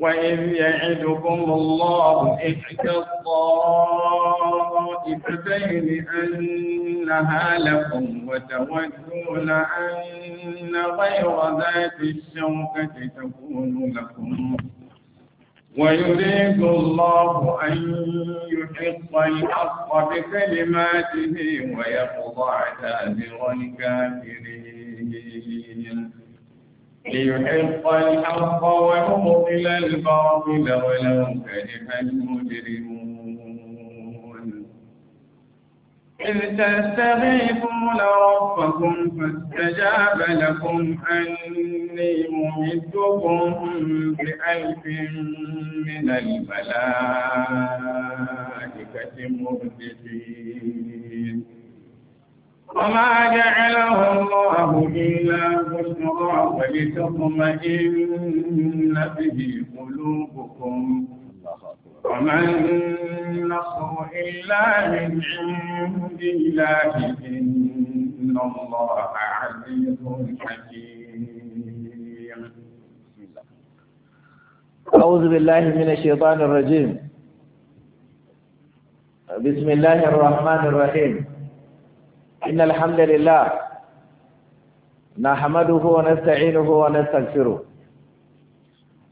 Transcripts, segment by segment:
وإذ يعدكم الله إحدى الطائفتين أنها لكم وتودون أن غير ذات الشوكة تكون لكم ويريد الله أن يحق الحق بكلماته ويقضع دابر الكافرين ليحق الحق ويبطل الباطل ولو كره المجرمون إذ تستغيثون ربكم فاستجاب لكم أني ممدكم بألف من الملائكة مردفين وما جعله الله إلا بشرى ولتطمئن به قلوبكم إلا من عند الله إن الله عزيز حكيم أعوذ بالله من الشيطان الرجيم بسم الله الرحمن الرحيم إن الحمد لله نحمده ونستعينه ونستغفره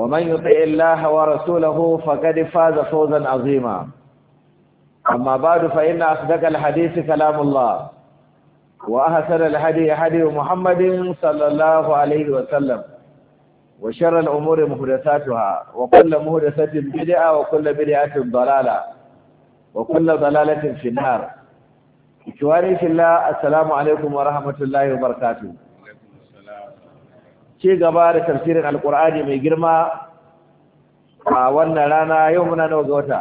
ومن يطع الله ورسوله فقد فاز فوزا عظيما أما بعد فإن أصدق الحديث كلام الله وأحسن الحديث حديث محمد صلى الله عليه وسلم وشر الأمور محدثاتها وكل محدثة بدعة وكل بدعة ضلالة وكل ضلالة في النار إخواني في الله السلام عليكم ورحمة الله وبركاته ce gaba da tafsirin alkur'ani mai girma a wannan rana yau muna nawa ga wata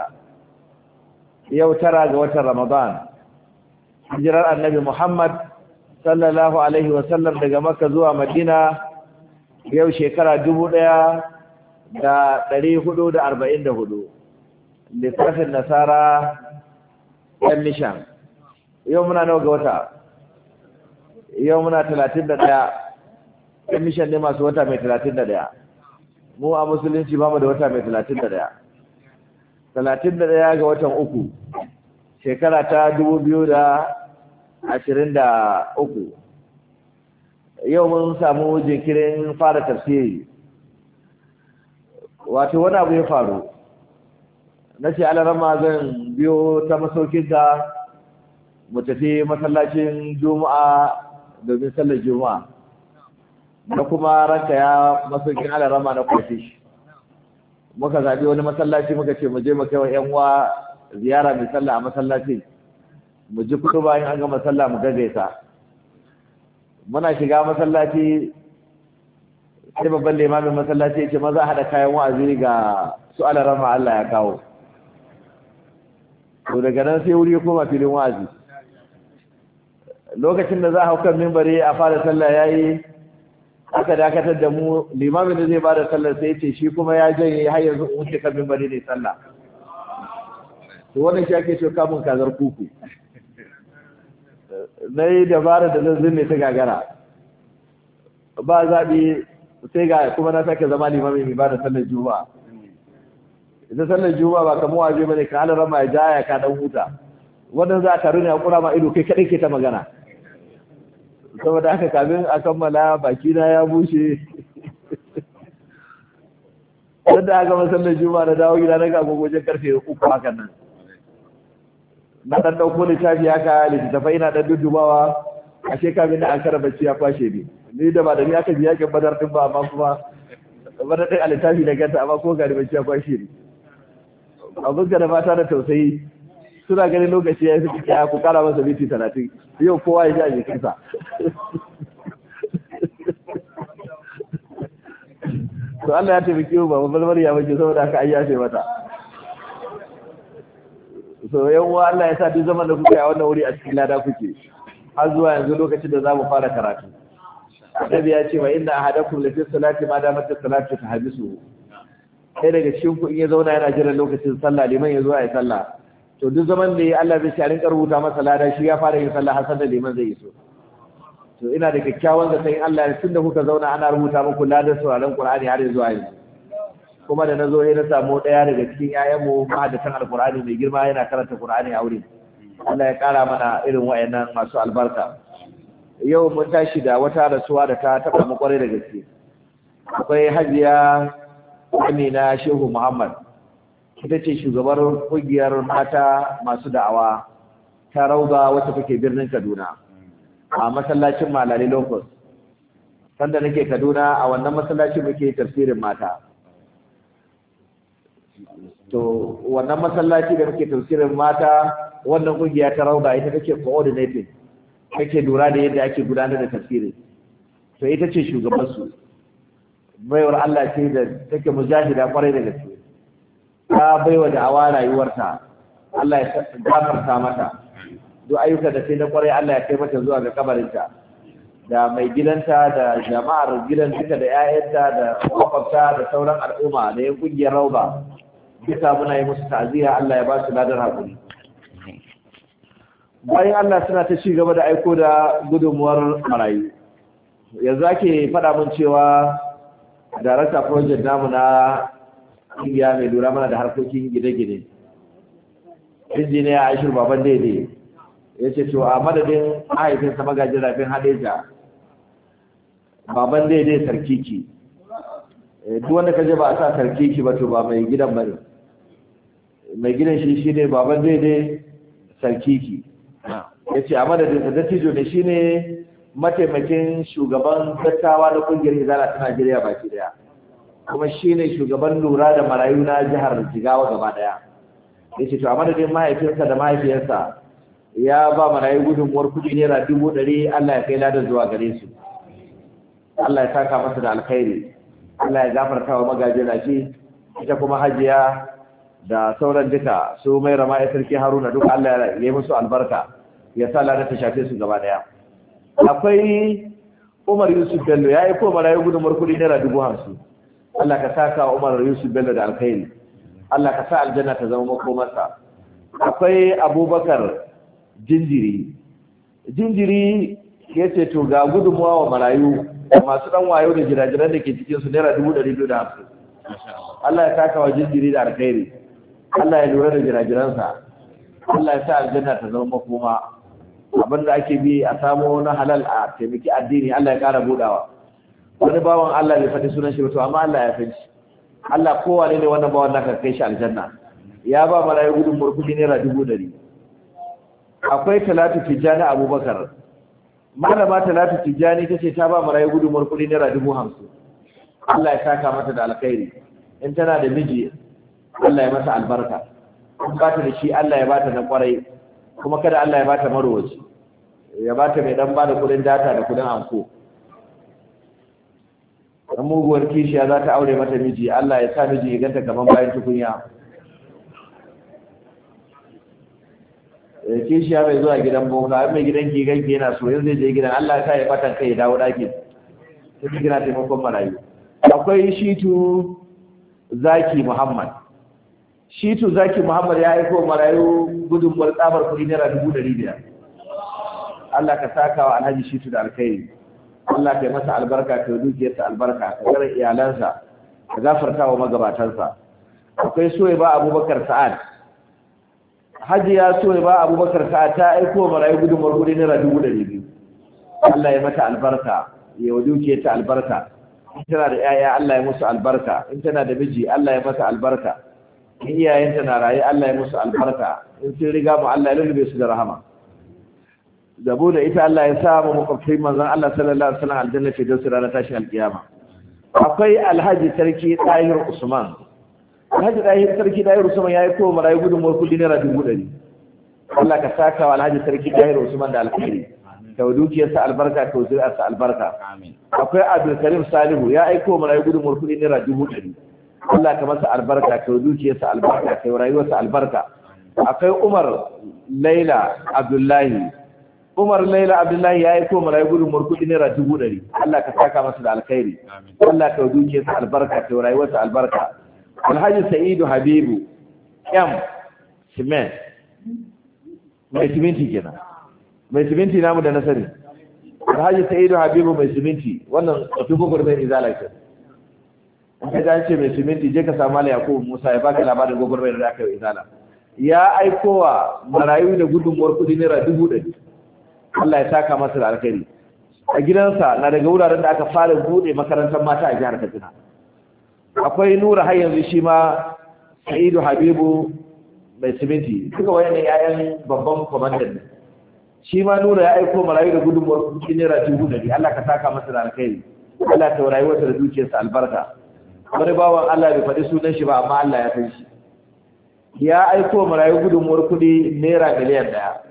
yau tara ga watan ramadan hijirar annabi muhammad sallallahu alaihi wasallam daga makka zuwa madina yau shekara dubu ɗaya da ɗari hudu da arba'in da hudu littafin nasara ɗan nishan yau muna nawa ga wata yau muna talatin da ɗaya ɗan mishan ne masu wata mai talatin da ɗaya mu a musulunci ba mu da wata mai talatin da ɗaya talatin da ɗaya ga watan uku shekara ta dubu biyu da ashirin da uku yau mun samu jinkirin fara tafsiri wato wani abu ya faru na ce rama zan biyo ta masaukinka mu tafi masallacin juma'a domin sallar juma'a na kuma ranka ya masaukin alarama na kwafi shi muka zaɓi wani masallaci muka ce mu je mu kai wa ƴan uwa ziyara mai sallah a masallaci mu ji kudu bayan an gama sallah mu gagaisa muna shiga masallaci sai babban limamin masallaci ya ce maza haɗa kayan wa'azi ga su alarama Allah ya kawo to daga nan sai wuri ya koma filin wa'azi lokacin da za a hau kan mimbari a fara sallah yayi aka dakatar da mu limamin da zai bada sallar sai ce shi kuma ya janye har yanzu wuce kan mimbari ne sallah to wannan shi ake cewa kamun kazar kuku na yi dabara da zanzin ne ta gagara ba zaɓi sai ga kuma na sake zama limamin mai bada sallar juma'a ita sallar juma'a ba kamar waje bane ka halar rama ya jaya ka dan huta wannan za ka a kura ma ido kai kaɗai ke ta magana saboda aka kamin a kammala bakina ya bushe yadda aka masallar juma'a na dawo gida na gago wajen karfe uku hakan nan na ɗan ɗauko littafi haka littattafai ina ɗan dudubawa a shekamin na an kara bacci ya kwashe ne ni da ba da ni aka biya yakin badar ɗin ba amma kuma wani ɗin a littafi da ganta amma ko gari bacci ya kwashe ne a fuska da mata da tausayi suna ganin lokaci ya yi suka ku kara masa biti talatin yau kowa ya ji a jikinsa to Allah ya taimaki mu ba babbar ya mace saboda aka ayya ce mata so yan uwa Allah ya sa duk zaman da kuka yi a wannan wuri a cikin lada kuke har zuwa yanzu lokacin da za mu fara karatu Annabi ya ce wa inna ahadakum lafi salati ma da mata salati ta habisu Kai daga cikin ku in ya zauna yana jiran lokacin sallah liman ya zo ya sallah to duk zaman da ya Allah zai ci a rinka rubuta masa lada shi ya fara yin sallah hasan da liman zai yi so. to ina da kyakkyawan da sai Allah ya tunda kuka zauna ana rubuta muku ladan sauraron Qur'ani har zuwa yanzu kuma da nazo sai na samu daya daga cikin yayan mu san alqur'ani mai girma yana karanta Qur'ani a wurin Allah ya kara mana irin wayannan masu albarka yau mun tashi da wata rasuwa da ta taba mu kwarai da gaske akwai hajiya Amina Shehu Muhammad ita ce shugabar kungiyar mata masu da'awa ta rauga wacce take birnin Kaduna a masallacin Malali Locus sanda nake Kaduna a wannan masallacin muke tafsirin mata to wannan masallaci da muke tafsirin mata wannan kungiya ta rauga ita take coordinating take lura da yadda ake gudanar da tafsiri to ita ce shugaban su baiwar Allah ce da take mujahida kwarai da gaske ta baiwa da'awa rayuwarta Allah ya gafarta mata duk ayyuka da sai na kwarai Allah ya kai mata zuwa ga kabarinta da mai gidanta da jama'ar gidan duka da 'ya'yanta da kwakwabta da sauran al'umma da ya kungiyar rauba bisa muna yi musu ta'aziyya Allah ya ba su ladar hakuri bayan Allah suna ta ci gaba da aiko da gudunmuwar marayu yanzu ake faɗa mun cewa darakta project namu na ƙungiya mai lura mana da harkokin gine-gine injiniya aishir baban daidai ya ce to a madadin mahaifinsa magajin rafin hadeja baban daidai sarkiki eh, duk wanda ka je ba a sa sarkiki ba to ba mai gidan bane mai gidan shi ne baban daidai sarkiki ya ce a madadin da dattijo ne ne mataimakin shugaban dattawa na kungiyar izala ta najeriya baki daya kuma shi ne shugaban lura da marayu na jihar Jigawa gaba daya ce to a madadin mahaifinsa da mahaifiyarsa ya ba marayu gudunmuwar kuɗi naira dubu ɗari Allah ya kai ladan zuwa gare su Allah ya saka masa da alkhairi Allah ya gafarta wa na shi ita kuma hajiya da sauran duka su mai rama ya sarki haruna duka Allah ya yi musu albarka ya sa ladan ta shafe su gaba daya akwai umar yusuf bello ya yi ko marayu gudunmuwar kuɗi naira dubu hamsin Allah ka sa wa Umar Yusuf Bello da alkhairi Allah ka sa aljanna ta zama makomarsa akwai Abubakar jinjiri jinjiri yace to ga gudunmuwa wa marayu da masu dan wayo da jirajiran da ke cikin su naira 250 Allah ya saka wa jinjiri da alkhairi Allah ya lura da jirajiransa Allah ya sa aljanna ta zama makoma Abin da ake bi a samo na halal a taimaki addini Allah ya kara budawa wani bawan Allah bai faɗi sunan shi ba to amma Allah ya fanci Allah kowa ne wannan bawan naka kai shi aljanna ya ba malayi gudun murkudi naira dubu dari akwai talatu tijjani abubakar malama talatu tijjani ta ce ta ba malayi gudun murkudi naira dubu hamsin Allah ya saka mata da alkhairi in tana da miji Allah ya mata albarka in ba ta da shi Allah ya ba ta na kwarai kuma kada Allah ya ba ta marowaci ya ba ta mai dan ba da kudin data da kudin anko dan muguwar kishiya za ta aure mata miji Allah ya sa miji ya ganta gaban bayan tukunya eh, kishiya bai zuwa gidan boka mai gidan ki ganki yana so yanzu zai je gidan Allah ya sa ya fatan kai ya dawo daki sai kina taimakon marayu akwai shitu zaki muhammad shitu zaki muhammad ya aiko marayu gudunmuwar tsabar kuɗi naira dubu ɗari biyar Allah ka saka wa alhaji shitu da alkhairi Allah ka yi masa albarka ka yi dukiyarsa albarka ka tsare iyalansa ka gafarta wa magabatansa akwai soye ba abubakar sa'ad hajiya soye ba abubakar sa'ad ta aiko marayu gudunmar kudi naira dubu da biyu Allah ya mata albarka ya wa dukiyarta albarka in tana da 'ya'ya Allah ya musu albarka in tana da miji Allah ya mata albarka in iyayenta na raye Allah ya musu albarka in sun riga mu Allah ya lullube su da rahama zabo da ita Allah ya sa mu makwabtai manzon Allah sallallahu alaihi wasallam aljanna ce don su ranar tashin alkiyama akwai alhaji sarki Tahir Usman alhaji Tahir sarki Tahir Usman yayi ko marayi gudun mu kulli naira dubu ɗari Allah ka saka wa alhaji sarki Tahir Usman da alkhairi ta dukiyarsa albarka ta zuri'arsa albarka akwai Abdul Karim Salihu ya aiko marayi gudun mu kulli naira dubu ɗari Allah ka masa albarka ta dukiyarsa albarka ta rayuwarsa albarka akwai Umar Laila Abdullahi Umar Laila Abdullahi ya yi ko marayi gudun murkuɗi naira dubu ɗari. Allah ka saka masa da alkhairi. Allah ka duke sa albarka Taurari rayuwarsa albarka. Alhaji Sa'idu Habibu M Cement mai siminti kenan. Mai siminti namu da nasari. Alhaji Sa'idu Habibu mai siminti wannan tafi kukur mai izala ke. Ka ga ce mai siminti je ka samu Malam Yakubu Musa ya baka labarin gugurmai da aka yi izala. Ya aikowa marayu da gudunmuwar kuɗi naira dubu ɗari. Allah ya saka masa da alkhairi a gidansa na daga wuraren da aka fara bude makarantar mata a jihar Katsina akwai Nura har yanzu shi ma Sa'idu Habibu mai siminti duka wayanne 'ya'yan babban kwamandan shi ma Nura ya aiko marayu da gudunmuwar kuɗi naira dubu ɗari Allah ka saka masa da alkhairi Allah ta rayuwarsa da zuciyarsa albarka wani bawan Allah bai faɗi sunan shi ba amma Allah ya san shi ya aiko marayu gudunmuwar kuɗi naira miliyan ɗaya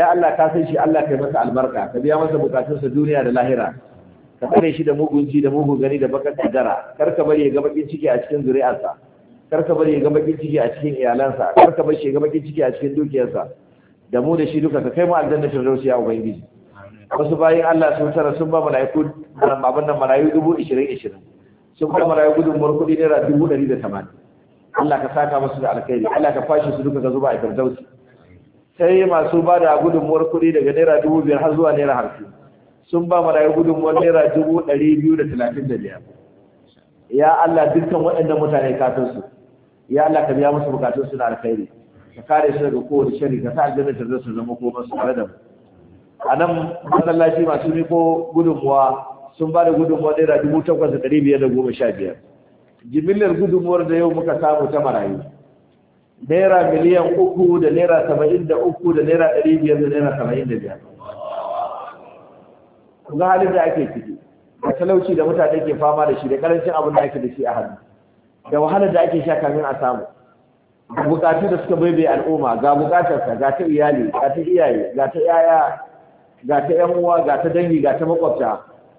kai Allah ka san shi Allah kai masa albarka ka biya masa bukatunsa duniya da lahira ka tsare shi da mugunci da mugun gani da bakar kadara kar ka bari ya ga bakin ciki a cikin zuri'arsa kar ka bari ya ga bakin ciki a cikin iyalansa kar ka bari ya ga bakin ciki a cikin dukiyarsa da mu da shi duka ka kai mu aljanna firdausi ya ubangiji wasu bayin Allah sun tara sun ba mala'iku abin nan marayu dubu ishirin ishirin sun ba marayu gudun kuɗi naira dubu ɗari da tamanin Allah ka saka musu da alkhairi Allah ka fashe su duka ka zuba a firdausi sai masu ba da gudunmuwar kuɗi daga naira dubu biyar har zuwa naira hamsin sun ba marayu gudunmuwar naira dubu ɗari biyu da talatin da biyar ya Allah dukkan waɗannan mutane kafinsu ya Allah ka biya musu bukatunsu na alkhairi ka kare su daga kowace shari ka sa aljanna ta zai su zama koma su tare da mu a nan masallaci masu miko gudunmuwa sun ba da gudunmuwar naira dubu takwas da ɗari biyar da goma sha biyar jimillar gudunmuwar da yau muka samu ta marayu naira miliyan uku da naira saba'in da uku da naira ɗari biyar da naira saba'in da biyar ga halin da ake ciki da talauci da mutane ke fama da shi da karancin abin da ake da shi a hannu da wahalar da ake sha kamin a samu Bukatar bukatu da suka bai baibaye al'umma ga bukatarsa ga ta iyali ga ta iyaye ga ta yaya ga ta yan uwa ga ta dangi ga ta makwabta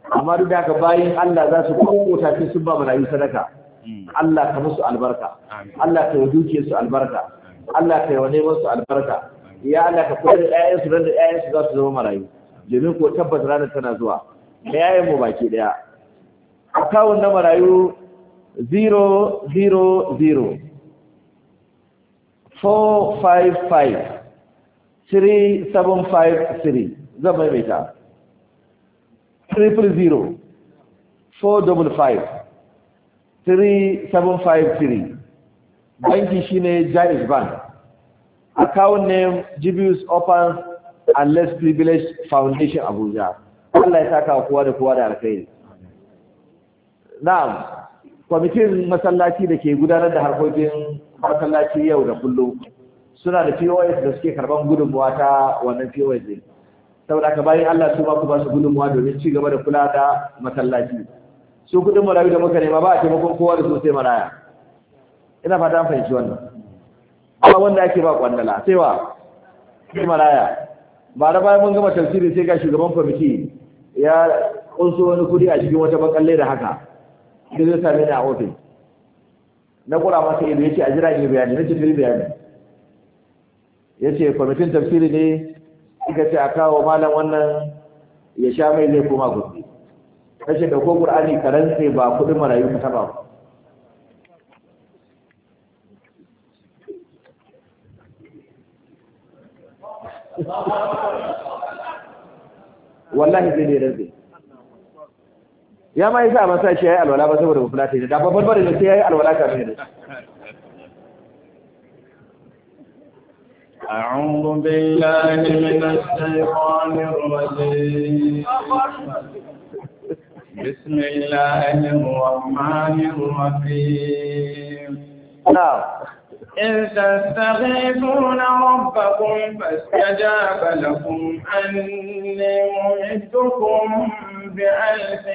amma duk da haka bayan Allah za su kowace sun ba marayu sadaka Mm. Allah ka musu albarka Allah ka yi dukiyar su albarka Allah ka yi wa neman su albarka ya Allah ka kula da ƴaƴan su da ƴaƴan su za su zama marayu domin ko tabbata ranar tana zuwa da mu baki daya akawun na marayu 000 3753 zan maimaita 000 455 3753 banki shine Jaiz Bank account name Jibius open and Less Privileged Foundation Abuja Allah ya saka kowa da kowa da alkhairi na'am kwamitin masallaci da ke gudanar da harkokin masallaci yau da kullum suna da POS da suke karban gudunmuwa ta wannan POS din saboda ka bayan Allah su ba ku ba su gudunmuwa domin ci gaba da kula da masallaci su kudin marayu da muka nema ba a taimakon kowa da sosai maraya ina fata an fahimci wannan amma wanda ake ba kwandala sai wa sai maraya ba da bayan mun gama tafsiri sai ga shugaban kwamiti ya kunso wani kudi a cikin wata bakalle da haka da zai same ni a ofis na kura masa ido yace a jira ni bayani na tafi bayani yace kwamitin tafsiri ne kika ce a kawo malam wannan ya sha mai zai koma gobe kashe ko qur'ani ka rantse ba kudin marayu ka taba ba wallahi zai ne rarbe ya ma sa masa shi yi alwala ba saboda bufula ta yi da babban bari da sai yi alwala ka ne أعوذ بالله من الشيطان الرجيم بسم الله الرحمن الرحيم نعم إن تستغيثون ربكم فاستجاب لكم أني مهدكم بألف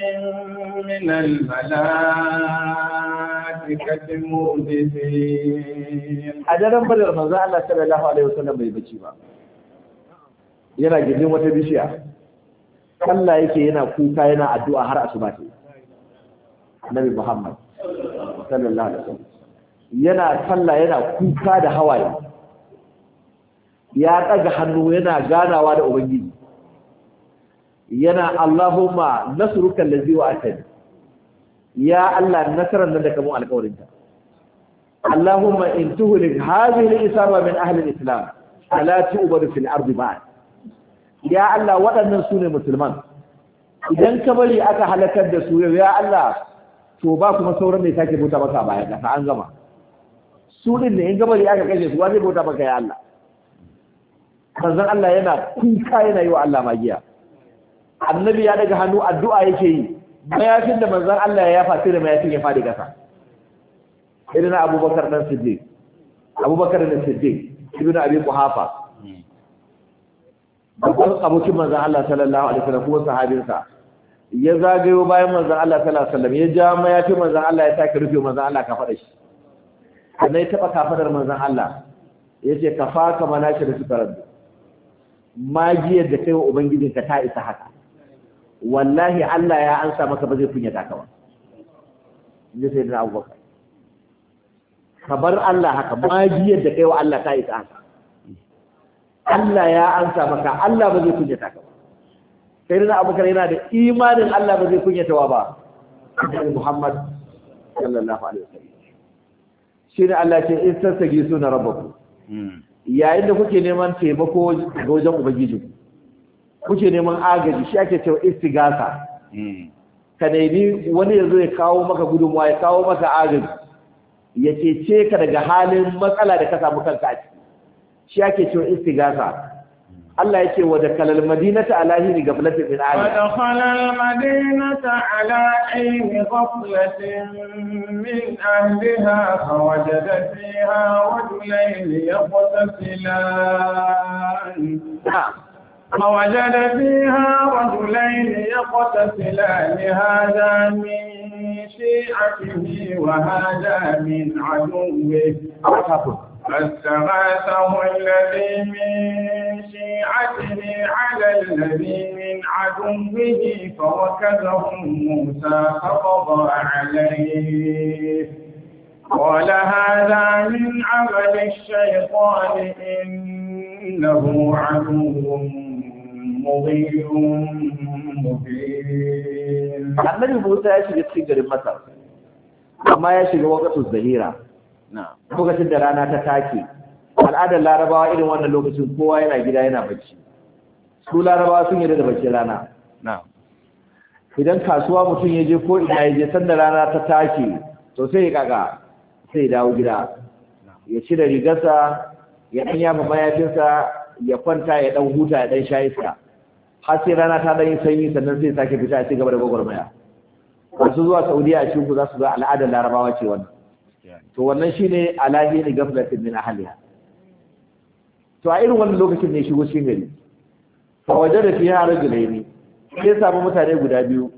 من الملائكة مردفين أجل أمبر من الله صلى الله عليه وسلم يبكي يلا gindin wata bishiya sallah yake yana kuka yana addu'a har asuba ce Annabi Muhammad sallallahu alaihi wasallam yana sallah yana kuka da hawaye ya daga hannu yana ganawa da ubangiji yana Allahumma nasruka allazi wa'atani ya Allah nasaran nan da kamun alƙawarinta Allahumma in tuhlik hadhihi al-isaba min ahli al-islam ala tu'badu fil ardi ba'd ya Allah waɗannan su ne musulman idan ka bari aka halakar da su ya Allah to ba kuma sauran da ya sake bauta maka baya kasa an gama su din ne in ka bari aka kashe su wani bauta maka ya Allah manzon Allah yana kuka yana yi wa Allah magiya annabi ya daga hannu addu'a yake yi mayafin da manzon Allah ya fasi da mayafin ya fadi kasa irin Abubakar dan Siddiq Abubakar dan Siddiq ibnu Abi Quhafa babban abokin manzan Allah sallallahu alaihi wasallam kuma sahabinsa ya zagayo bayan manzan Allah sallallahu alaihi wasallam ya ja mayafi manzan Allah ya take rufe manzan Allah ka faɗa shi sannan ya taɓa kafadar manzan Allah ya ce ka fa ka mana shi da sukarar magiyar da kai wa ubangijinka ta isa haka wallahi Allah ya ansa maka ba zai kunya ta kawa Ya sai da abubakar ka bar Allah haka magiyar da kai wa Allah ta isa haka Allah ya ansa maka Allah ba zai kunyata ka ba sai da abubakar yana da imanin Allah ba zai kunyata wa ba annabi Muhammad sallallahu alaihi wasallam shine Allah ce in sassage suna rabbaku yayin da kuke neman taimako ga wajen ubangiji kuke neman agaji shi ake cewa istigasa ka nemi wani ya zo ya kawo maka gudunmuwa ya kawo maka agaji ya cece ka daga halin matsala da ka samu kanka a ciki shi ake cewa istigasa Allah ya ce wa da kalal madinata ala hini gaflatin min aya. Wa da kalal madinata ala hini gaflatin min ahliha da wajada fiha rajulayn فاستغاثه الذي من شيعته على الذي من عدوه فركزه موسى فقضى عليه قال هذا من عمل الشيطان إنه عدو مضيء مبين. محمد موسى يشهد في مسار. أما ya وقت الزهيره lokacin da rana ta take al'adar larabawa irin wannan lokacin kowa yana gida yana bacci su larabawa sun yi da bacci rana idan kasuwa mutum ya je ko ina ya je sanda rana ta take to sai ya kaga sai ya dawo gida ya cire rigarsa ya ɗan yafa mayafinsa ya kwanta ya ɗan huta ya ɗan sha iska har sai rana ta ɗan yi sanyi sannan sai sake fita a ci gaba da gwagwarmaya masu zuwa saudiya a cikin ku za su zo al'adar larabawa ce wannan to wannan shine alahi ne gaflatin min ahliha to a irin wannan lokacin ne shigo cikin gari fa wajada fiha rajulaini sai samu mutane guda biyu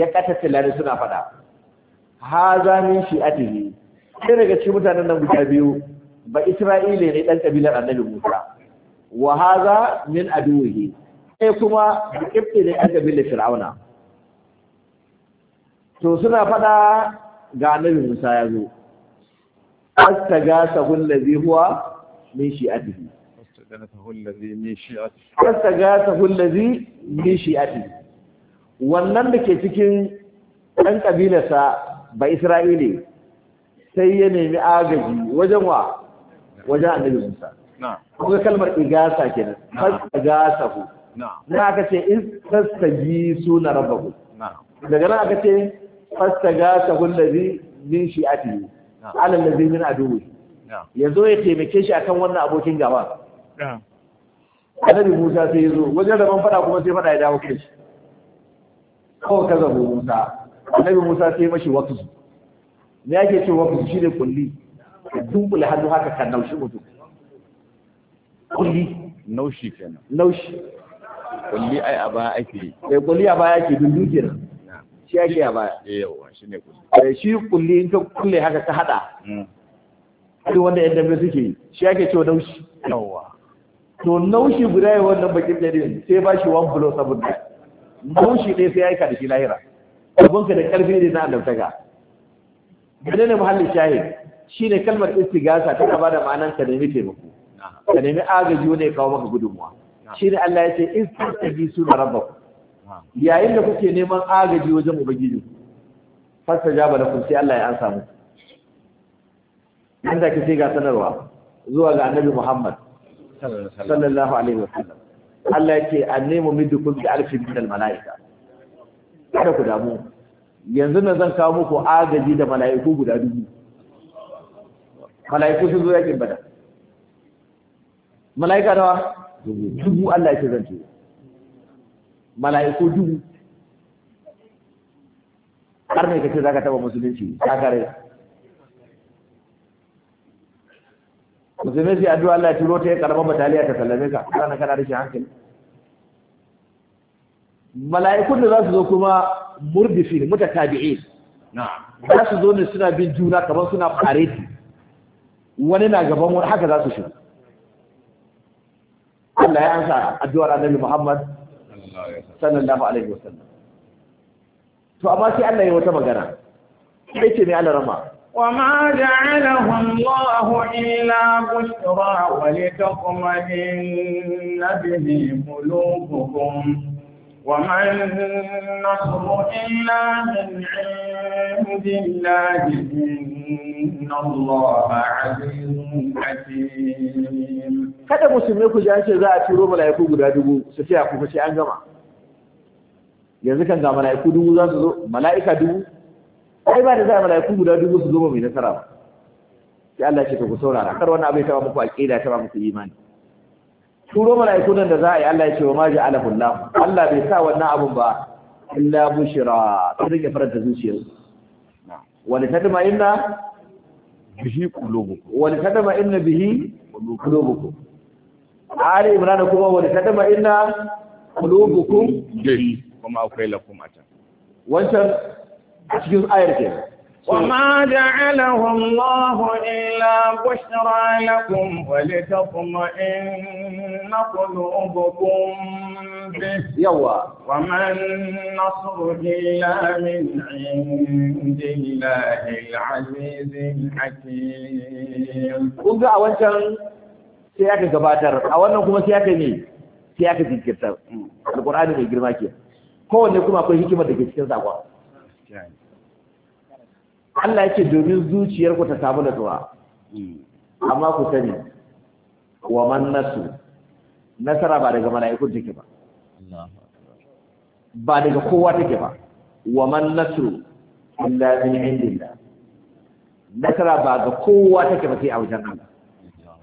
ya kata lare suna fada haza min shi'atihi sai daga cikin mutanen nan guda biyu ba Isra'ila ne dan kabilar annabi Musa wa haza min aduwihi sai kuma kibti ne dan kabilar fir'auna to suna fada ga annabi Musa ya zo واستغاثه الذي هو من شيعته واستغاثه الذي من شيعته واستغاثه الذي من شيعته wannan da ke cikin ɗan ƙabilarsa ba Isra'ili sai ya nemi agaji wajen wa wajen annabi Musa. Kuma kalmar igasa kenan, fasta gasa ku. Na aka ce in fasta ji suna rabba ku. Daga nan aka ce fasta gasa ku lazi min shi'ati. alal ladhi a aduwi ya zo ya taimake shi akan wannan abokin gaba annabi Musa sai ya zo wajen rabon fada kuma sai fada ya dawo kai shi kawai ka zabo Musa annabi Musa sai mashi waqf me yake ce shi shine kulli ka dunkule hannu haka ka naushi mutum kulli naushi kenan naushi kulli ai a baya ake eh kulli a baya ake dundu kenan shi ake a baya eh, yawa shi ne eh, shi kulli in ka kulle haka ka hada kai wanda yan dambe suke shi ake cewa naushi yawa to naushi guda ya wannan bakin jari sai ba shi one blow saboda naushi ɗaya sai ya aika da shi lahira abinka da ƙarfi ne na annabtaka gane ne muhallin shahid shi ne kalmar istigasa ta ba da ma'anar ka nemi taimako ka nemi agaji wanda ya kawo maka gudunmuwa shi ne Allah ya ce istighfar suna rabbaku yayin da kuke neman agaji wajen ubangiji fasta jaba da sai Allah ya ansa samu nan da sai ga sanarwa zuwa ga annabi Muhammad sallallahu alaihi wasallam Allah yake annemu midukum bi alfi min al malaika kada ku damu yanzu nan zan kawo muku agaji da malaiku guda dubu malaiku sun zo yakin bada malaika dawa dubu Allah yake zan ce mala'iku dubu har ne kace zaka taba musulunci ka kare sai addu'a Allah ya turo ta ya karba bataliya ta sallame ka kana kana rashin hankali mala'ikun da za su zo kuma murdifin mutatabi'in za su zo ne suna bin juna kamar suna fareti wani na gaban wani haka za su shi Allah ya ansa addu'ar Annabi Muhammad sallallahu alaihi wasallam to amma sai Allah ya wata magana sai ce ne Allah rama وما جعله الله إلا بشرى ولتطمئن به قلوبكم وما النصر إلا من عند الله إن الله عزيز حكيم kada musulmai ku ji an ce za a turo mala'iku guda dubu su ce ku fa an gama yanzu kan ga mala'iku dubu za su zo mala'ika dubu ai ba da za a mala'iku guda dubu su zo ba mai nasara ba sai Allah ce ku saurara kar wannan abin taba muku aqida taba muku imani turo mala'iku nan da za a yi Allah ya ce wa ma ja'alahu Allah Allah bai sa wannan abun ba illa bushira sai ya faranta zuciyarsu wa tadma inna bihi qulubukum wa tadma inna bihi qulubukum Ali Imran kuma wani kadama inna qulubukum bi kuma akwai lakum ata wancan a cikin ayar ke وما جعله الله إلا بشرى لكم ولتطمئن قلوبكم به يوا وما النصر إلا من عند sai aka gabatar a wannan kuma sai aka ne sai aka jinkirta alkur'ani mai girma ke kowanne kuma akwai hikimar da ke cikin sakon Allah yake domin zuciyar ku ta samu natsuwa amma ku sani wa man nasu nasara ba daga mala'ikun take ba ba daga kowa take ba wa man nasu illa min indillah nasara ba ga kowa take ba sai a wajen Allah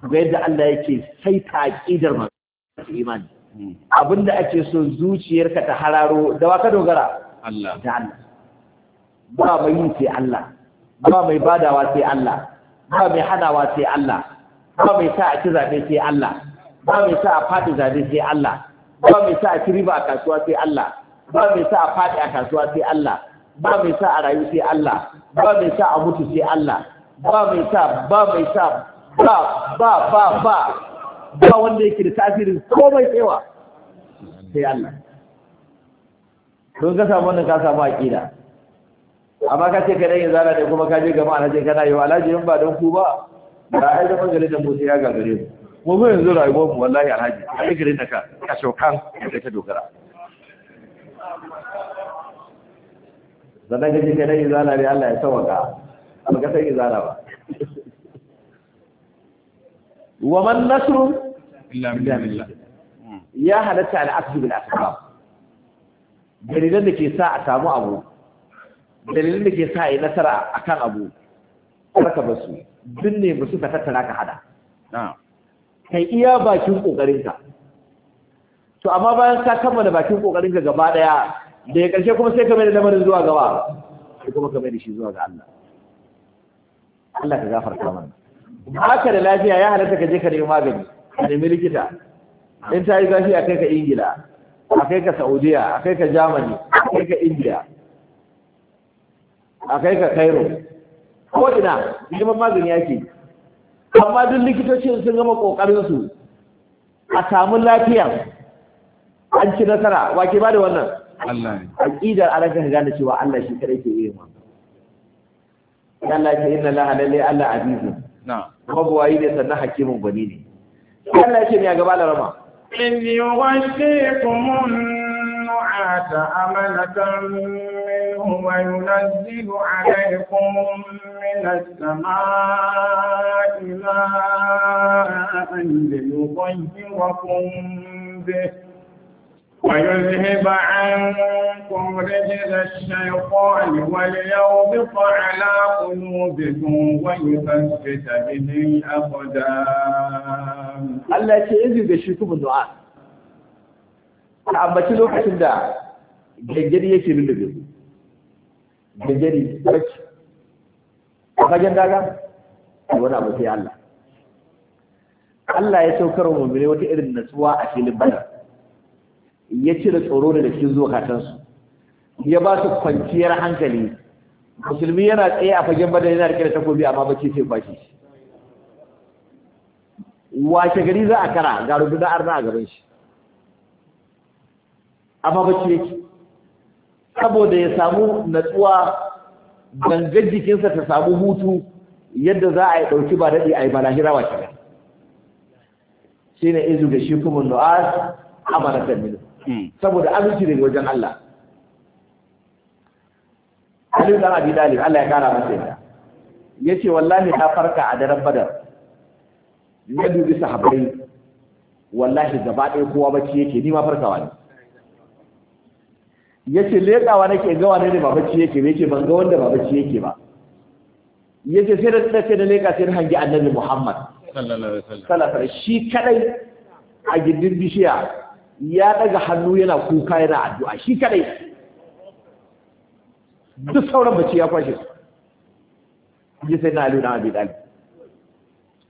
ga yadda Allah yake saita ƙidar masu imani abinda ake so zuciyarka ta hararo da waka dogara Allah da Allah ba mai yi sai Allah ba mai badawa sai Allah ba mai hanawa sai Allah ba mai sa a ci zaɓe sai Allah ba mai sa a faɗi zaɓe sai Allah ba mai sa a ci riba a kasuwa sai Allah ba mai sa a faɗi a kasuwa sai Allah ba mai sa a rayu sai Allah ba mai sa a mutu sai Allah ba mai sa ba mai sa ba ba ba ba ba wanda yake da tasirin komai tsewa sai Allah don ka samu wannan ka samu aƙida amma ka ce kadan zana ne kuma ka je gama alhaji kana yi alhaji in ba don ku ba ba ai zaman gari da mutu ya gagare mu mu yanzu rayuwar mu wallahi alhaji a garin da ka ka shokan da ta dogara sannan ka ce kadan zana ne Allah ya sauka amma ka san zana ba wa man nasru illa billah ya halatta al'aqdu bil asbab dalilan da ke sa a samu abu dalilan da ke sa yi nasara akan abu karka basu duk ne musu ka tattara ka hada kai iya bakin kokarinka to amma bayan ka kammala bakin kokarinka gaba daya da ya karshe kuma sai ka mai da lamarin zuwa gaba sai kuma ka mai da shi zuwa ga Allah Allah ka gafarta mana haka da lafiya ya halatta ka je ka nemi magani ka nemi likita in ta yi zafi a kai ka ingila a kai ka saudiya a kai ka germany a kai ka india a kai ka cairo ko ina neman magani yake amma duk likitocin sun gama su a samu lafiya an ci nasara wa ke bada wannan aƙidar ala aqidar ka gane cewa Allah shi kadai ke yi ma Allah ya inna la ilaha Allah azizun mabuwayi ne sannan hakimin gwani ne Allah ya ce ne a gaba da rama إذ يغشيكم النعاس أمنة منه وينزل عليكم من السماء ماء ويذهب عنكم رجل الشيطان وليربط على قلوبكم ويثبت به الأقدام الله يجزي da shi kuma du'a a ambaci lokacin da gaggari yake lullube gaggari barci a fagen daga wani abu sai Allah Allah ya saukar wa mummune wata irin natsuwa a filin badar ya cire tsoro daga cikin zukatansu ya ba su kwanciyar hankali musulmi yana tsaye a fagen bada yana rike da takobi amma bacci sai Wa washe gari za a kara ga rubuna arna a gaban shi amma bacci yake saboda ya samu natsuwa gangan jikinsa ta samu hutu yadda za a yi ɗauki ba daɗi a yi balahira washe gari Sai ne izu da shi kuma nu'as amanatan milu saboda aminci daga wajen Allah Ali da Abi Dalib Allah ya kara masa Ya yace wallahi na farka a daren Badar na dubi sahabbai wallahi gaba ɗaya kowa bacci yake ni ma farkawa ne yace leƙawa nake ga wani ne ba bacci yake ba yace ban ga wanda ba bacci yake ba yace sai da tsace da leƙa sai hangi annabi Muhammad sallallahu alaihi wasallam shi kadai a gindin bishiya ya daga hannu yana kuka yana addu'a shi kadai duk sauran bace ya kwashe su ji sai na aliyu na abi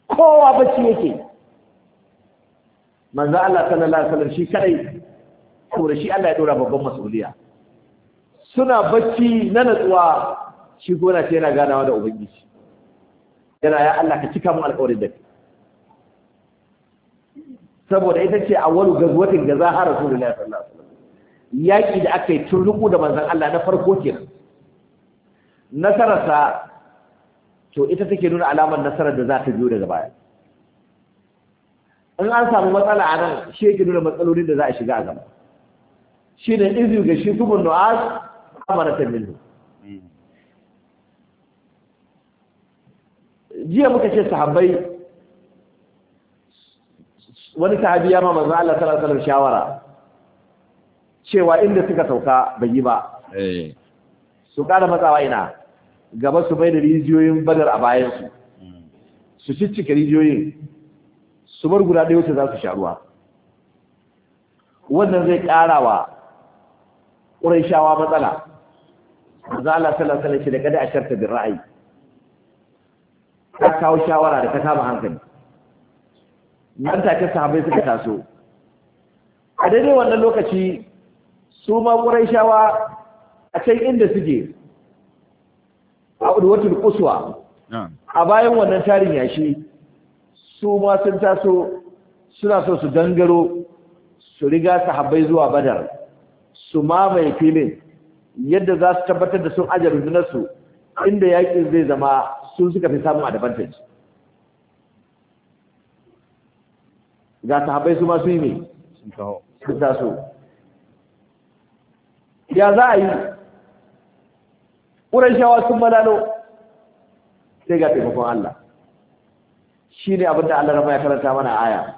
kowa bace yake manzo Allah sallallahu alaihi wasallam shi kadai kore shi Allah ya dora babban masuliya suna bacci na natsuwa shi gona ce yana ganawa da ubangiji yana ya Allah ka cika mu alƙawarin da kai saboda ita ce wani gazwatin da za a rasulullahi sallallahu alaihi wasallam da aka yi tun ruku da manzan Allah na farko kenan nasararsa to ita take nuna alamar nasarar da za ta biyo daga baya in an samu matsala a nan shi yake nuna matsalolin da za a shiga a gaba shi ne izu ga shi kuma nu'az ta minhu hmm. jiya muka ce sahabbai wani sahabi ya ma manzo Allah sallallahu alaihi wasallam shawara cewa inda suka sauka bai yi ba eh. su kada matsawa ina gaba su bai da rijiyoyin badar a bayan su su ciccika rijiyoyin su bar guda ɗaya wacce za su sha ruwa wannan zai ƙara wa ƙuraishawa matsala manzo Allah sallallahu alaihi shi da kada a sharta bin ra'ayi ka kawo shawara da ka kama hankali nan take sahabbai suka taso a daidai wannan lokaci su ma shawa a can inda suke a udwatul quswa a bayan wannan tarin yashi su ma sun taso suna so su gangaro su riga sahabbai zuwa badar su mamaye filin yadda za su tabbatar da sun aje rundunarsu inda yakin zai zama sun suka fi samun advantage ga sahabbai su ma su yi ne sun taso ya za a yi ƙuran shawa sun manano sai ga taimakon Allah shi ne abinda Allah rama ya karanta mana aya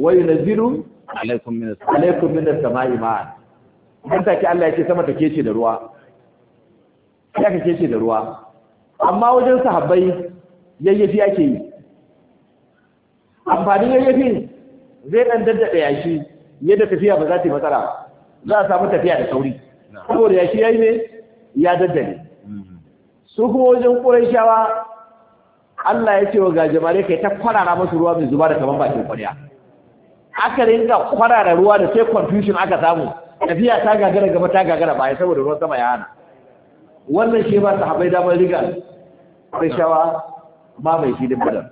wani na ziru alaikun minas sama'i ma'a ɗan take Allah ya ce sama ta kece da ruwa ya ka kece da ruwa amma wajen sahabbai yayyafi ake yi amfanin yayyafi zai dan daddada yashi yadda tafiya ba za ta yi matsala ba za a samu tafiya da sauri saboda yashi yayi ne ya daddade mm-hmm. su kuma wajen shawa, Allah ya ce wa gajimare kai ta kwarara masu ruwa mai zuba da kaman bakin kwarya aka rinka kwarara ruwa da sai confusion aka samu tafiya ta gagara gaba ta gagara baya saboda ruwan sama ya hana wannan shi ba su haɓai damar riga shawa ma mai shi din badar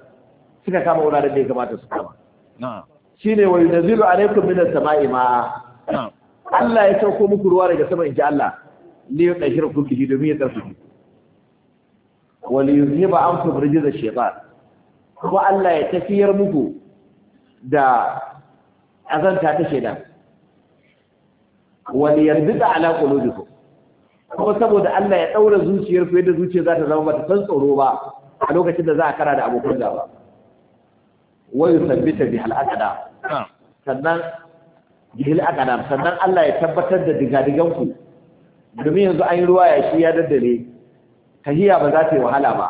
suka kama wuraren da ya kamata su kama shine wa yunzilu Alaikum minas sama'i ma Allah ya sauko muku ruwa daga sama ji Allah ne ya dahira ku kiji domin ya tsarsu wa li yuzhiba ankum rijza ash-shaytan kuma Allah ya tafiyar muku da azanta ta shaytan wa li yarbita ala qulubikum kuma saboda Allah ya daura zuciyarku yadda zuciya za ta zama ba ta san tsoro ba a lokacin da za a kara da abokan gaba wa yusabbita bi al-aqdam sannan bihil aqdam sannan Allah ya tabbatar da digadigan ku domin yanzu an yi ruwa ya shi ya daddare tahiya ba za ta yi wahala ba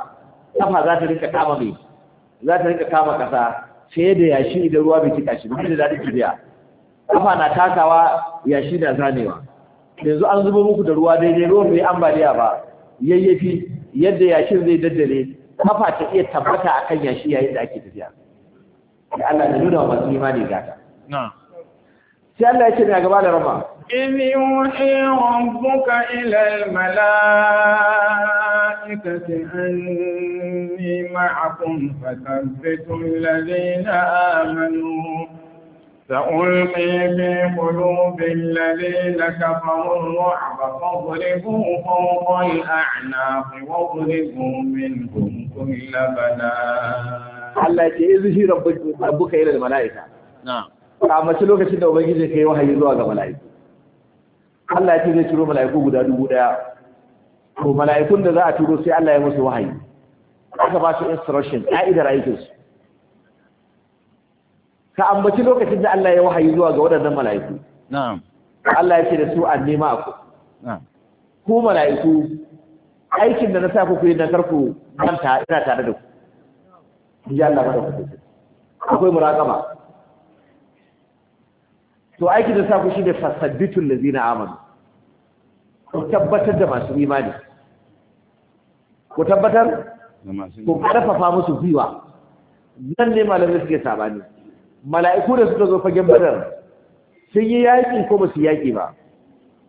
kafa za ta rika kama mai za ta rika kama kasa sai da yashi idan ruwa bai cika shi ba da daɗin tafiya kafa na takawa yashi na zanewa yanzu an zuba muku da ruwa daidai ruwan bai ambaliya ba yayyafi yadda yashin zai daddare kafa ta iya tabbata akan yashi yayin da ake tafiya da Allah da nuna masu imani gata sai Allah ya ce ne a gaba da rama إذ يوحي ربك إلى الملائكة أني معكم فثبتوا الذين آمنوا سألقي في قلوب الذين كفروا الرعب فاضربوا فوق الأعناق واضربوا منهم كل بنان Allah ya ce izhi rabbuka ila mala'ika a mace lokacin da ubangiji kai wahayi zuwa ga mala'iku Allah ya ce zai turo mala'iku guda dubu daya to mala'ikun da za a turo sai Allah ya musu wahayi aka ba su instruction ka'idar aikin su ka ambaci lokacin da Allah ya wahayi zuwa ga waɗannan mala'iku na'am Allah ya ce da su an nema ku na'am ku mala'iku aikin da na sa ku yi na karku manta ina tare da ku in ji Allah mada kuɗi akwai muraƙaba to aiki da sa ku shi ne fasabbitun lazina amanu ku tabbatar da masu imani ku tabbatar ku karfafa musu gwiwa nan ne malamai suke sabani mala'iku da suka zo fagen badar sun yi yaƙi ko ba su yaƙi ba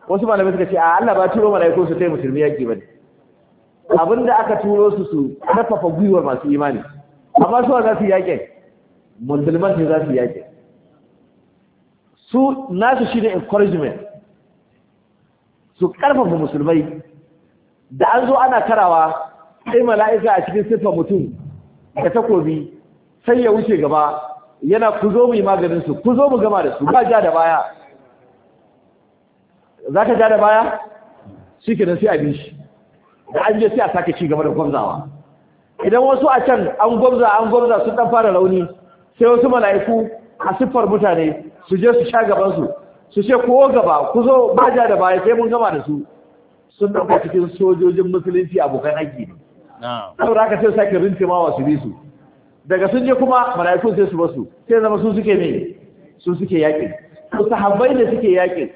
wasu malamai suka ce a Allah ba turo mala'iku su kai musulmi yaƙi ba ne abinda aka turo su su karfafa gwiwar masu imani amma suwa za su yaƙin musulman ne za su yaƙin su nasu shi ne encouragement su ƙarfafa musulmai da an zo ana karawa sai mala'ika a cikin siffar mutum da takobi sai ya wuce gaba yana ku zo mu yi maganinsu ku zo mu gama da su ba ja da baya za ka ja da baya shi kenan sai bi shi da an je sai a sake ci gaba da gwamzawa idan wasu a can an gwamza an gwamza sun dan fara launi, sai wasu mala'iku a siffar mutane su je su sha gabansu, su ce ko gaba ku zo ba ja da baya sai mun gama da su sun ko cikin sojojin musulunci abokan aiki ne saboda haka sai sake rince ma wasu bisu daga sun je kuma mala'ikun sai su basu sai zama su suke ne su suke su sahabbai ne suke yaƙin,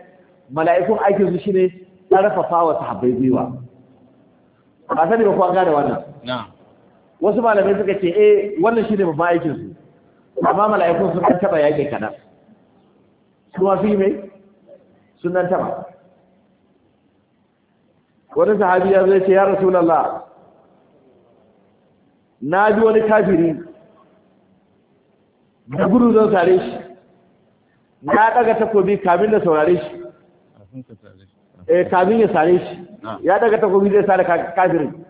mala'ikun aikin su shine karfafa wa sahabbai gwiwa ba sani ba ku an gane wannan wasu malamai suka ce eh wannan shine babban aikin su amma mala'ikun sun dan taba yaƙi kadan kuma su yi mai sun taba wani sahabi ya zai ce ya rasulullah na ji wani kafiri da gudu zan sare shi na daga takobi kamin da saurare shi eh kamin ya sare shi ya daga takobi zai sare kafirin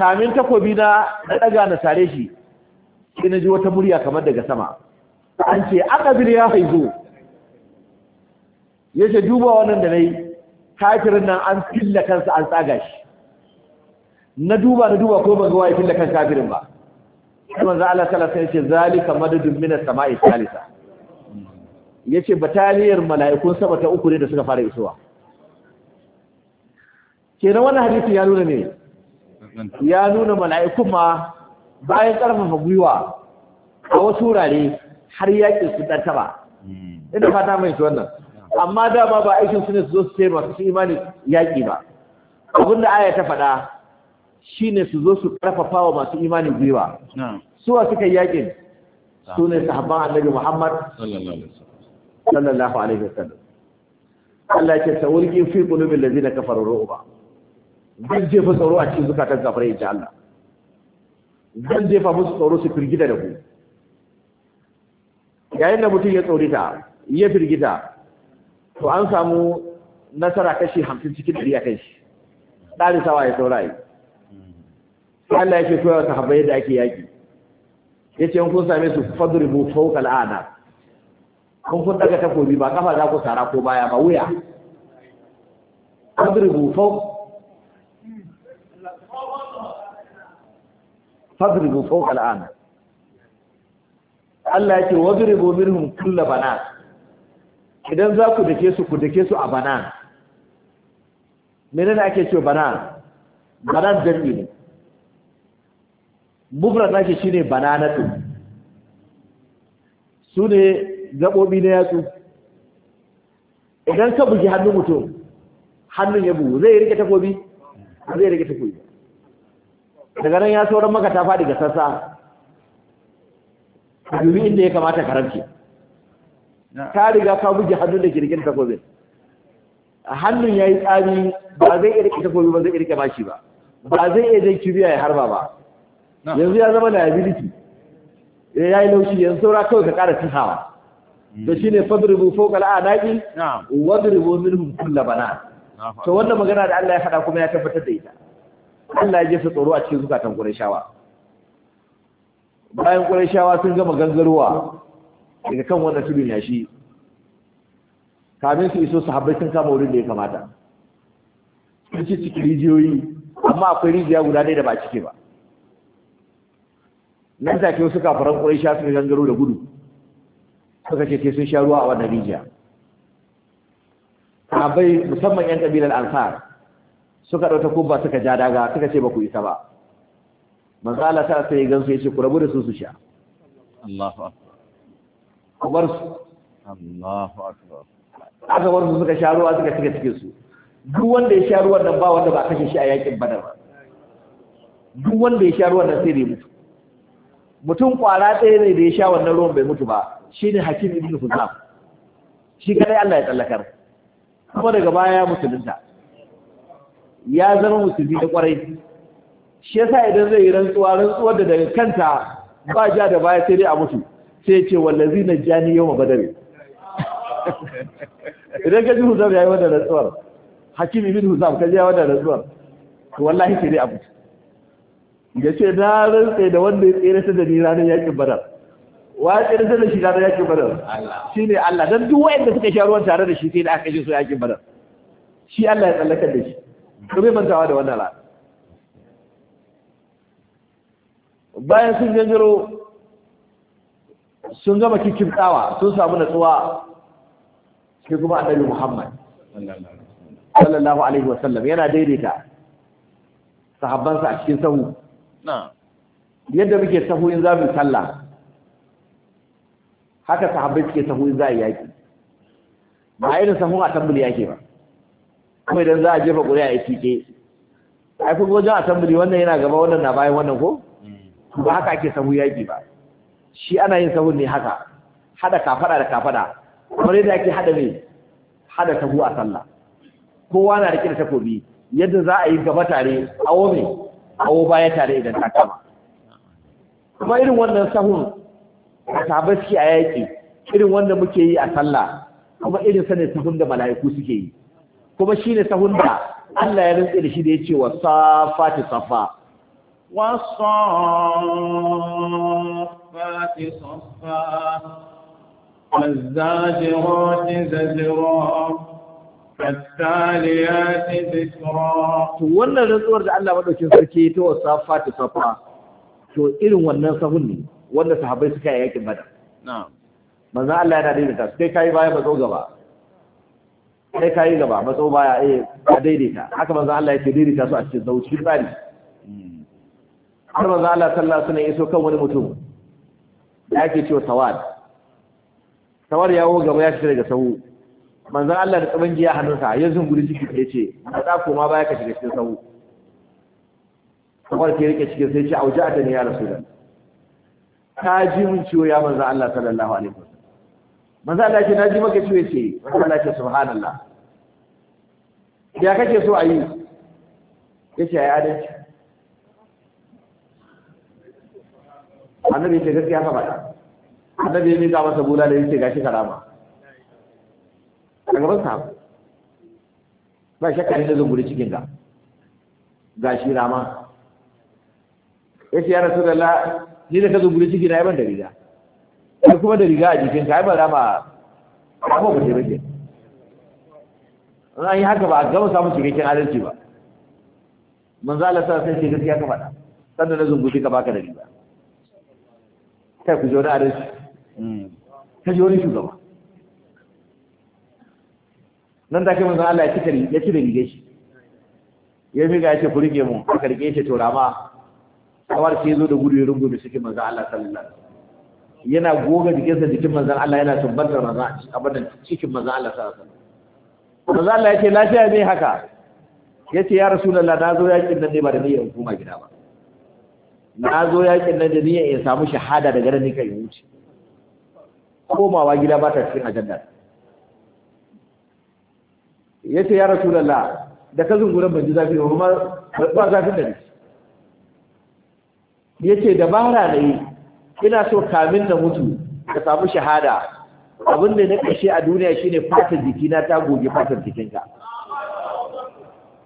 kamin takobi na na daga na sare shi sai na ji wata murya kamar daga sama an ce aqbil ya haizo ce duba wannan da nai kafirin nan an filla kansa an tsaga shi na duba na duba ko ban ga wai filla kan kafirin ba kuma za Allah ta'ala sai ce zalika madadun min as-sama'i salisa yace bataliyar mala'ikun sabata ta uku ne da suka fara isowa kenan wannan hadisi ya nuna ne ya nuna mala'iku ma bayan ƙarfafa gwiwa a wasu wurare har yaƙi su ɗan taɓa hmm. inda fata mai su wannan amma dama ba aikin su ne su zo su taimaka su imani yaƙi ba abin da aya ta faɗa shi ne su zo su ƙarfafa wa masu imanin gwiwa Su suka yi yaƙin su ne su haɓar annabi muhammad sallallahu alaihi wasallam Allah ya ce sa wurgin fi qulubil ladina kafar ru'ba zan jefa tsoro a cikin zukatan kafirai in Allah zan jefa musu tsoro su firgita da ku yayin da mutum ya tsorita ya firgita to an samu nasara kashi hamsin cikin ɗari a kanshi. shi ɗari sawa ya saurayi Allah ya ce koya ta haɓa yadda ake yaƙi ya ce kun same su fadribu fawqa al'ana kun kun daga takobi ba kafa za ku sara ko baya ba wuya fadribu fawqa fadribu fawqa al'an Allah yake wadribu minhum kull bana idan za ku dake su ku dake su a banan menene ake cewa bana, bana jami'i ne mufrad nake shine bananatu su ne gabobi na yatsu idan ka bugi hannu mutum hannun ya bugu zai rike takobi zai rike takobi daga nan ya sauran maka ta faɗi ga sassa dubi inda ya kamata ka ta riga ka buge hannun da kirkin takobin hannun ya yi tsami ba zai iri rike takobi ba zai iri rike bashi ba ba zai iya jan kiriya ya harba ba yanzu ya zama yabiliki eh, ya yi laushi yanzu saura kawai ka ƙara tisawa da hmm. shi ne fadribu fokal anaƙi wadribu minhum kulla bana to wannan magana da Allah ya faɗa kuma ya tabbatar da ita Allah ya jefa tsoro a cikin zukatan Qurayshawa bayan Qurayshawa sun gama gangarowa daga kan wannan tudun yashi kamin su iso sahabbai sun kama wurin da ya kamata sun ci cikin rijiyoyi amma akwai rijiya guda ɗaya da ba cike ba nan take wasu kafaran Qurayshawa sun gangaro da gudu suka ce sun sha ruwa a wannan rijiya sahabbai musamman yan ƙabilar ansar suka ɗauta kubba suka ja daga suka ce ba ku isa ba manzo Allah ta sai gan su yace ku rabu da su su sha Allahu akbar kubar su Allahu akbar aka bar su suka sha ruwa suka cika cikin su duk wanda ya sha ruwan nan ba wanda ba kashe shi a yakin Badar ba duk wanda ya sha ruwan nan sai da mutu mutum kwara ɗaya ne da ya sha wannan ruwan bai mutu ba shine Hakim ibn Hizam shi kadai Allah ya tsallakar kuma daga baya musulunta ya zama musulmi da kwarai shi yasa idan zai yi rantsuwa rantsuwar da daga kanta ba ja da baya sai dai a mutu sai ce wallazi na jani yau badare idan ka ji huzam ya yi wannan rantsuwar hakim ibn huzam ka ji ya wannan rantsuwar to wallahi sai dai a mutu ya ce na rantsa da wanda ya tsere ta da ni ranar yakin badar wa ya tsere ta da shi ranar yakin badar shi ne Allah Don duk da suka sha ruwan tare da shi sai da aka ji su yakin badar shi Allah ya tsallakar da shi to bai mantawa da wannan rana bayan sun janjaro sun gama kikin tsawa sun samu natsuwa sai kuma annabi Muhammad sallallahu alaihi wasallam yana daidaita sahabbansa a cikin sahu yadda muke sahu in za mu sallah haka sahabbai suke sahu in za a yaki ba a irin sahu a tambuli yake ba kuma idan za a jefa ƙuri'a ya tike ai kun wajen assembly wannan yana gaba wannan na bayan wannan ko mm. ba haka ake sahu yaƙi ba shi ana yin sahun ne haka hada kafada da kafada kamar yadda ake hada ne hada sahu a sallah kowa na rike da takobi yadda za a yi gaba tare awo ne awo baya tare idan ta kama kuma irin wannan sahun a tabaski a yaƙi irin wanda muke yi a sallah kuma irin sanin sahun da mala'iku suke yi kuma ne sahun da Allah ya rantsa da shi da ya yace wa safati safa wa safati safa والزاجرات زجرا فالتاليات ذكرا to wannan rantsuwar da Allah madaukin sarki ta wasafa ta safa to irin wannan sahun ne wanda sahabai suka yi yakin bada na'am manzo Allah yana da ta sai kai baya ba zo gaba kai kayi gaba matso baya eh ka daidaita haka manzo Allah yake daidaita su a cikin zauci tsari har manzo Allah sallallahu alaihi wasallam iso kan wani mutum da ake cewa tawad Tawar yawo gaba ya fita daga sahu manzo Allah da tsaban giya hannunsa ya zunguri ciki ya ce ka da koma baya ka shiga cikin sahu Tawar ke rike cikin sai ce auja'ata ne ya rasulullah ka ji mun ciwo ya manzo Allah sallallahu alaihi wasallam manzo Allah ce naji maka ciwo ce manzo Allah ce subhanallah ya kake so a yi yace ayi adalci annabi ce gaskiya ka faɗa annabi ne ga masa da yace gashi karama a gaban sa ba shakka ne da zunguri cikin ga gashi rama yace ya rasulullah ni da ka zunguri cikin na ban da riga sai kuma da riga a jikin ka ai ba rama ba ba ce rage an yi haka ba a gama samun cikakken adalci ba manzo Allah sa sai ce gaskiya ka faɗa sannan na zungushi ka baka da riga. kai ku ji wani adalci hmm. ka ji wani shugaba nan da kai manzo Allah ya cika ya ci da rigar shi ya miga ya ce ku rike mu aka rike shi to rama kamar sai zo da gudu ya rungume suke manzo Allah sallallahu alaihi wasallam yana goga jikinsa jikin manzan Allah yana tabbata raza abadan cikin manzan Allah sallallahu alaihi wasallam manzan Allah yake lafiya ne haka yace ya rasulullah na zo yakin nan ne ba da niyyar hukuma gida ba na zo yakin nan da niyyar in samu shahada daga nan kai wuce komawa gida ba ta cikin ajanda yace ya rasulullah da ka zungura ban ji zafi ba ba zafin da ni yace dabara ne ina so kamin na mutu ka samu shahada abin da na kashe a duniya shine fatar jikina ta goge fatar jikinka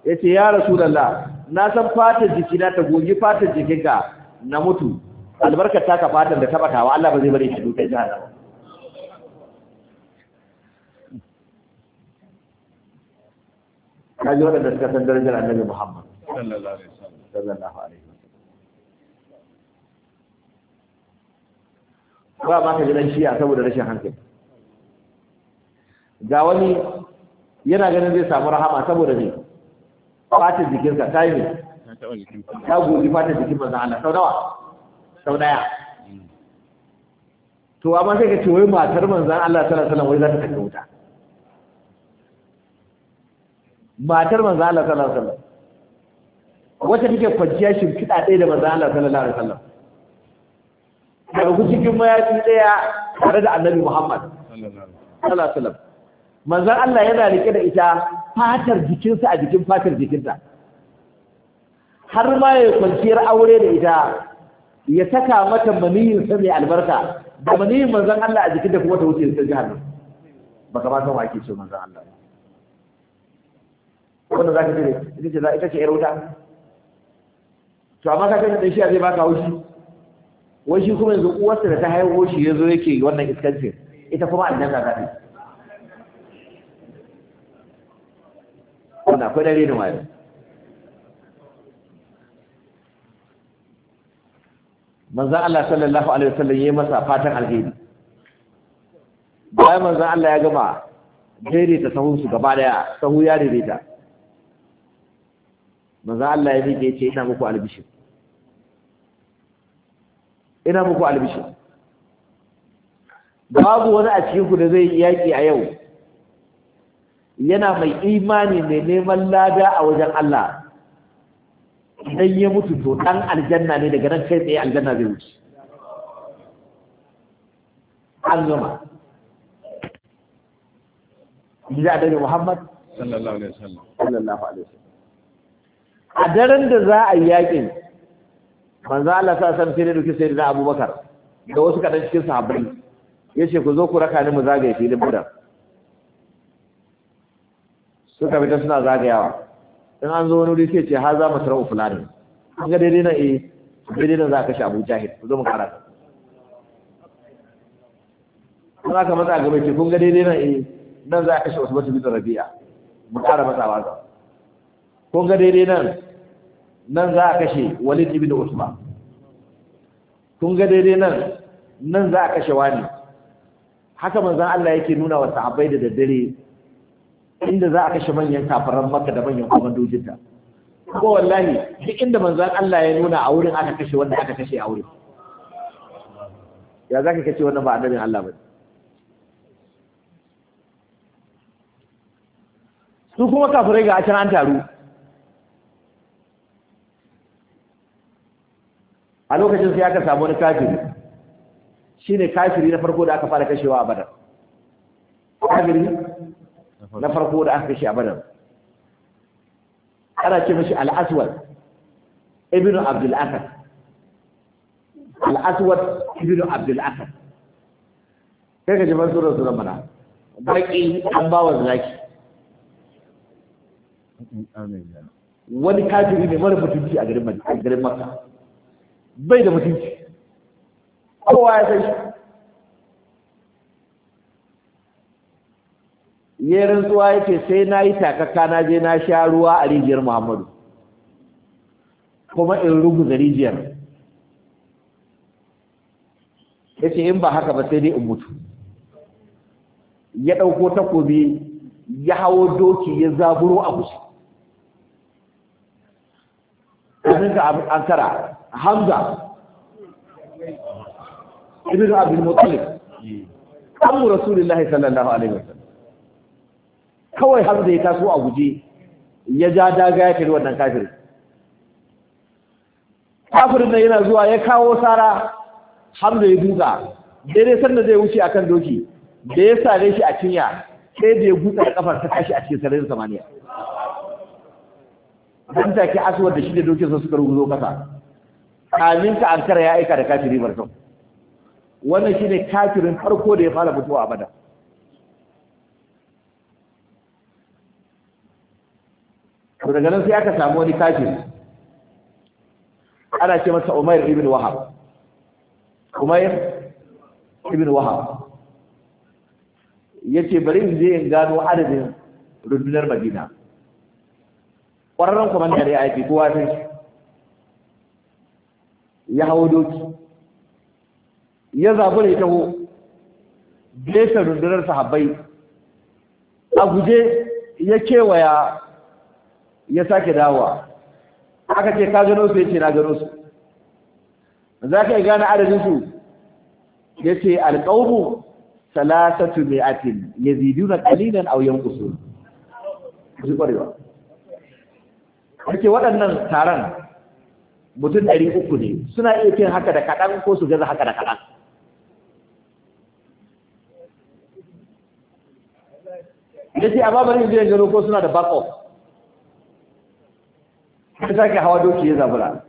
yace ya rasulullah na san fatar jikina ta goge fatar jikinka na mutu ta taka fatar da tabatawa Allah ba zai bari shi duka jahannama kaji da suka san darajar annabi Muhammad sallallahu alaihi wasallam ba ma ka gidan shiya saboda rashin hankali ga wani yana ganin zai samu rahama saboda ne fatin jikinsa ta yi ne ta gogi fatin jikin manzan Allah sau nawa sau daya to amma sai ka ce wai matar manzan Allah sallallahu alaihi wasallam wai za ta tafi wuta matar manzan Allah sallallahu alaihi wasallam wacce take kwanciya shimfiɗa ɗaya da manzan Allah sallallahu alaihi wasallam karku cikin mayafi ɗaya tare da annabi Muhammad Manzan Allah yana rike da ita fatar jikinsa a jikin fatar jikinta har ma ya kwanciyar aure da ita ya saka mata maniyin sa mai albarka da maniyin manzan Allah a jikin da kuma ta wuce ta jahannam baka ba san wake ce manzan Allah wanda ka ce ita ce ita ce yar wuta to amma ka kai da shi a zai baka haushi wai shi kuma yanzu uwarsa da ta haihu shi ya zo yake wannan iskancin ita kuma annan za zafi wanda akwai dare da wayo manzan Allah sallallahu alaihi wasallam ya yi masa fatan alheri bayan manzan Allah ya gama daidaita sahunsu gaba daya sahu ya daidaita manzan Allah ya ke ce ina muku albishin. ina muku albishi babu wani a cikin ku da zai yaki a yau yana mai imani mai neman lada a wajen Allah idan ya mutu to dan aljanna ne daga nan kai tsaye aljanna zai wuce an gama ji a dare Muhammad sallallahu alaihi wasallam sallallahu alaihi wasallam a daren da za a yi yaƙin manzo Allah sa san sai duki sai da Abubakar da wasu kadan cikin sahabbai yace ku zo ku raka ni mu zagaye filin Badar suka bi ta suna zagayawa in an zo wani wuri sai ce ha za mu fulani an ga daidai na eh daidai na za ka shi Abu Jahil ku zo mu fara za ka matsa gaba ce kun ga daidai nan eh nan za a kashe wasu mutum da rabi'a mu fara matsawa ga kun ga daidai nan nan za a kashe walid ibn usman kun ga daidai nan nan za a kashe wani haka manzon Allah yake nuna wa sahabbai da daddare inda za a kashe manyan kafaran maka da manyan dujinta ko wallahi duk inda manzon Allah ya nuna a wurin aka kashe wanda aka kashe a wurin ya zaka kace wannan ba annabin Allah ba su kuma kafirai ga a can an taru a lokacin sai aka samu wani kafiri shine kafiri na farko da aka fara kashewa a badar kafiri na farko da aka kashe a badar ana ce mashi al-aswad ibnu abdul asad al-aswad ibnu abdul asad sai ka ji tsoron sunan mana baki an bawa zaki wani kafiri ne mara mutunci a garin makka bai da mutunci kowa ya san shi yerin rantsuwa yake sai na yi takaka na je na sha ruwa a rijiyar muhammadu kuma in da rijiyar ya ce in ba haka ba sai dai in mutu ya ɗauko takobi ya hawo doki ya zaburo a gusi ka an kara hamza ibn abdul muttalib abu rasulullahi sallallahu alaihi wasallam kawai hamza ya taso a guje ya ja daga ya kiri wannan kafirin kafirin nan yana zuwa ya kawo sara hamza ya duka daidai sanda zai wuce a kan doki da ya sare shi a cinya sai da ya buɗe da kafar ta tashi a cikin sararin samaniya dan take asuwar da shi da dokin sa suka ruguzo kasa kamin ka ankara ya aika da kafiri barkan wannan shi ne kafirin farko da ya fara mutuwa a bada to daga nan sai aka samu wani kafiri ana ce masa Umair ibn Wahab Umair ibn Wahab yace bari in je in gano adadin rundunar Madina ƙwararren kwamantar ya aiki kowa sai ya hawo doki ya zabura ya taho gefe rundunar sahabbai a guje ya kewaya ya sake dawa aka ce ka gano su ya ce na gano su za ka yi gane adadinsu ya ce alƙaunu salatatu mai atin ya zidu na ƙalilan auyen kusur ji ƙwarewa ake waɗannan taron mutum ɗari uku ne suna iya cin haka da kaɗan ko su gaza haka da kaɗan Ya ce amma bari zai gano ko suna da back Ya ta sake hawa doki ya zabura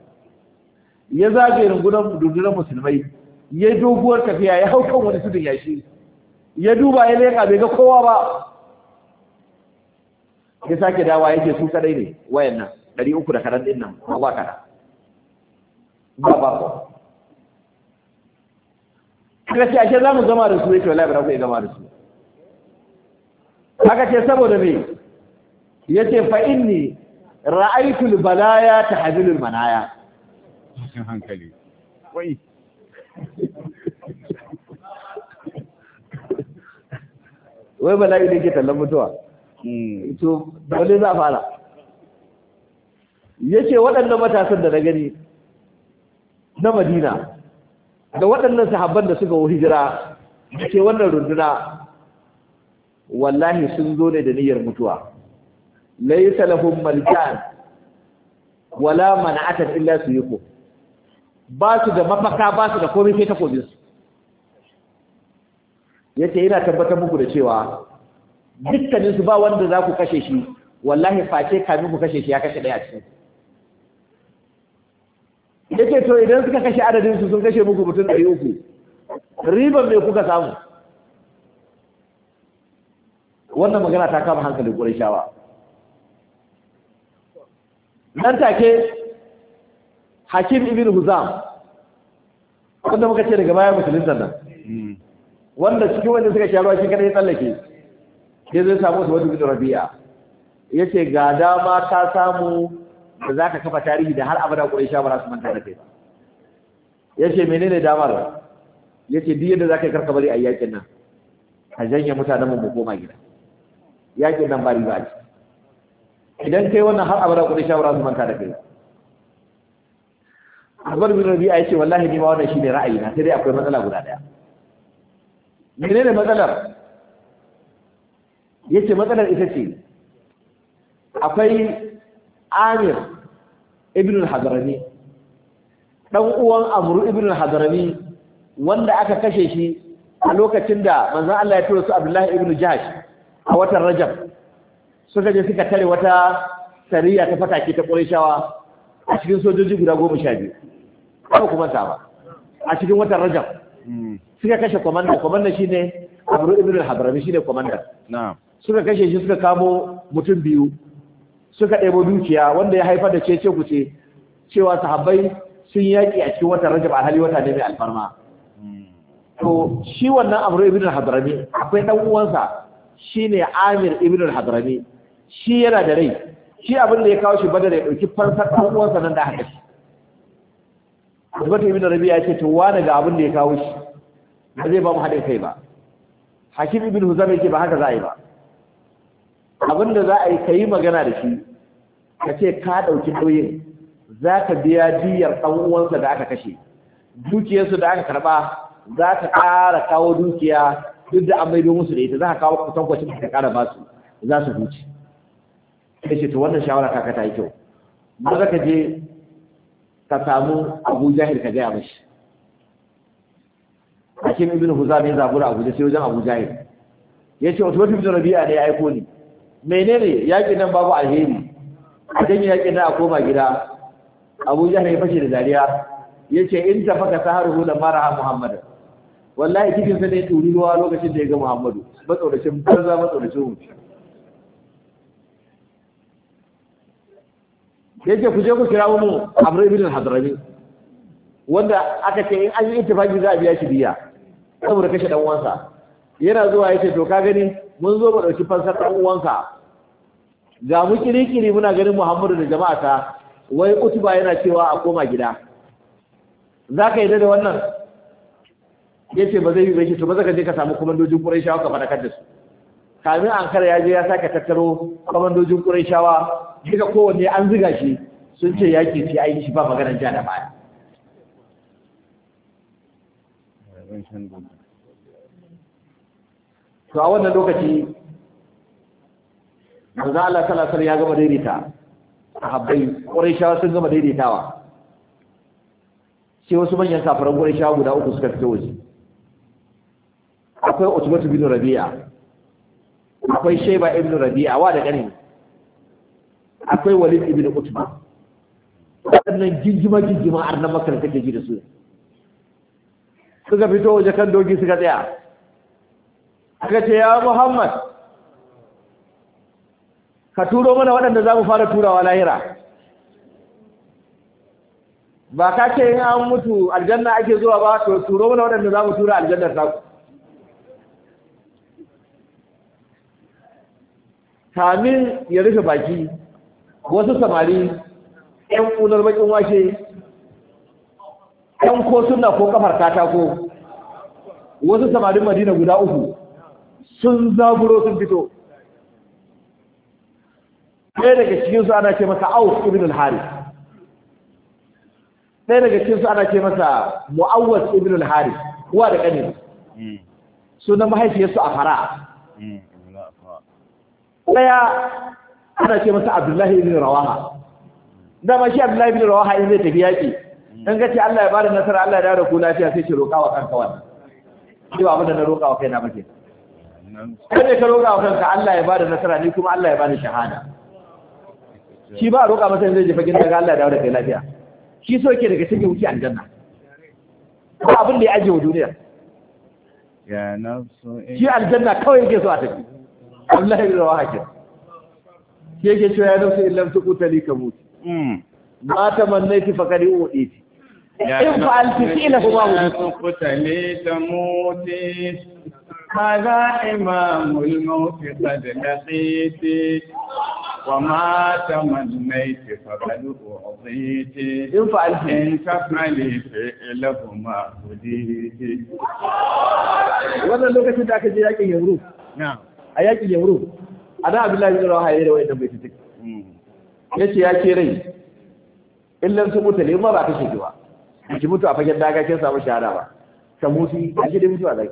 ya zage rungunan dundunan musulmai ya doguwar tafiya ya hau kan wani tudun yashi ya duba ya leƙa bai ga kowa ba ya sake dawa yake su kadai ne wayannan ɗari uku da kaɗan ɗin nan ba kaɗan ba ba ko kaga ce ashe zamu gama da su yake wallahi ba ku iya gama da su haka ce saboda me yace fa inni al balaya al manaya cikin hankali wai wai bala'i ne ke tallan mutuwa hmm. to dole za fara yace waɗannan matasan da na gani na madina da waɗannan sahabban da suka hijira da ke wannan runduna wallahi sun zo ne da niyyar mutuwa laysa lahum maljan wala man'ata illa suyuku ba su da mafaka ba su da komai sai kobin su yace ina tabbatar muku da cewa dukkanin su ba wanda za ku kashe shi wallahi face kamin ku kashe shi ya kashe daya cikin yake to idan suka kashe adadin su sun kashe muku mutum ɗari uku ribar me kuka samu wannan magana ta kama hankalin ƙurashawa nan take hakim ibn huzam wanda muka ce daga bayan musulun nan wanda cikin wanda suka sha ruwa shi kada ya tsallake sai zai samu su wata rabi'a ya ce ga dama ta samu da za ka kafa tarihi da har abada ƙuraisha ba za su manta da kai ba ya ce menene damar ya ce duk yadda za ka yi karka bari a yakin nan a janye mutanen mu koma gida yakin nan bari ba ce idan kai wannan har abada ƙuraisha ba za su manta da kai ba Azbar bin Rabi'a ya ce wallahi ni ma wannan shine ra'ayina sai dai akwai matsala guda daya menene matsalar Ya ce matsalar ita ce akwai amir ibn al-hadrami dan uwan amru ibn al-hadrami wanda aka kashe shi a lokacin da manzon Allah ya tura su Abdullahi ibn Jahsh a watan Rajab suka je suka tare wata sariya ta fataki ta Qurayshawa a cikin sojoji guda sha biyu, ba kuma ta ba a cikin watan Rajab hmm. suka kashe komanda komanda shine Amru ibn al-Hadrami shine komanda na'am suka kashe shi suka kamo mutum biyu suka ɗebo dukiya wanda ya haifar da cece kuce cewa sahabbai sun yaƙi a cikin watan rajab alhali wata ne mai alfarma to shi wannan abu ibn al-hadrami akwai dan uwansa shine amir ibn al-hadrami shi yana da rai shi abin da ya kawo shi badar ya dauki farsar dan uwansa nan da haka shi Abubakar ibn Rabi ya ce to wani ga abin da ya kawo shi ba zai ba mu haɗin kai ba Hakim ibn Huzam yake ba haka za a yi ba abin da za a yi ka yi magana da shi ka ce ka ɗauki doyin za ka biya diyar ɗan uwansa da aka kashe dukiyarsu da aka karɓa za ka ƙara kawo dukiya duk da an maido musu da ita za ka kawo kusan kwacin da ka ƙara ba su za su huce da ce to wannan shawara kaka ta yi kyau ba za ka je ka samu abu jahil ka gaya mashi hakim ibn huza ne zabura abuja sai wajen abu jahil ya ce wato mafi rabi'a ne ya aiko ni menene yaƙi nan babu alheri a ya yaƙin na a koma gida abu jahar ya fashe da dariya ya ce in ta faka da hula a muhammadu wallahi cikin sa ne turi ruwa lokacin da ya ga muhammadu matsaurashin banza matsaurashin wuce yake ce ku je ku kira wani amur ibn hadrami wanda aka ce in an yi ittifaki za a biya shi biya saboda kashe dan uwansa yana zuwa ya ce to ka gani mun zo mu ɗauki fansar dan uwansa. ga mu kirikiri muna ganin Muhammadu da jama'a ta wai kutuba yana cewa a koma gida za ka yi da wannan ya ce ba zai yi bai to ba zaka je ka samu kwamandojin shawa ka fadakar da su kamin an ya je ya sake tattaro kwamandojin shawa duka kowanne an ziga shi sun ce yaƙi ce ai shi ba maganar ja da baya to a wannan lokaci manzo Allah sallallahu alaihi ya gama daidaita sahabbai shawar sun gama daidaitawa sai wasu manyan kafiran shawar guda uku suka fito waje akwai Utbatu bin Rabi'a akwai Shayba ibn Rabi'a wa da ƙanin akwai Walid ibn Utba waɗannan jinjima gingima arnan makar kake ji da su suka fito waje kan dogi suka tsaya aka ce ya Muhammad ka turo mana waɗanda za mu fara turawa lahira ba ka ce in an mutu aljanna ake zuwa ba to turo mana waɗanda za mu tura aljannar ta ku kamin ya rufe baki wasu samari ‘yan ƙunar bakin washe ‘yan ko suna ko kafar katako wasu samarin madina guda uku sun zaburo sun fito ɗaya daga cikinsu ana ce masa aus ibn al-haris ɗaya daga cikinsu ana ce masa mu'awwas ibn al-haris kuwa da ƙanin hmm. sunan mahaifiyarsu a fara hmm. ɗaya ana ce masa abdullahi ibn rawaha dama shi abdullahi ibn rawaha in zai tafi yaƙi hmm. in ga ce Allah ya bada nasara Allah ya dawo da ku lafiya sai ce roƙa wa kanka wannan shi ba abin da na roƙa wa kaina ba ke kai ka roƙa wa kanka Allah ya bada nasara ni kuma Allah ya bani shahada shi ba a roƙa masa zai jefa gina daga Allah ya dawo da kai lafiya shi so yake daga cikin wuce aljanna ba abin da ya ajiye wa duniya shi aljanna kawai yake so a tafi Allah ya rawa hakin shi yake cewa ya nafsu su kutali ka mutu hmm. ma tamannaiti faqad u'iti in fa'alti fi'lahu ma tuquta li tamuti هذا إمام الموت قد وما تمنيت فقد أعطيت إن تفعلي فعلهما هديت wannan lokacin da aka je yaƙin yamru a yakin yamru a da abdullahi bin rawaha yayin da wai dan bai tafi yace ya ke rai illan su mutane ba ba kashe ki ba ki mutu a fagen daga kin samu shahara ba Ka mutu a gidan mutuwa zai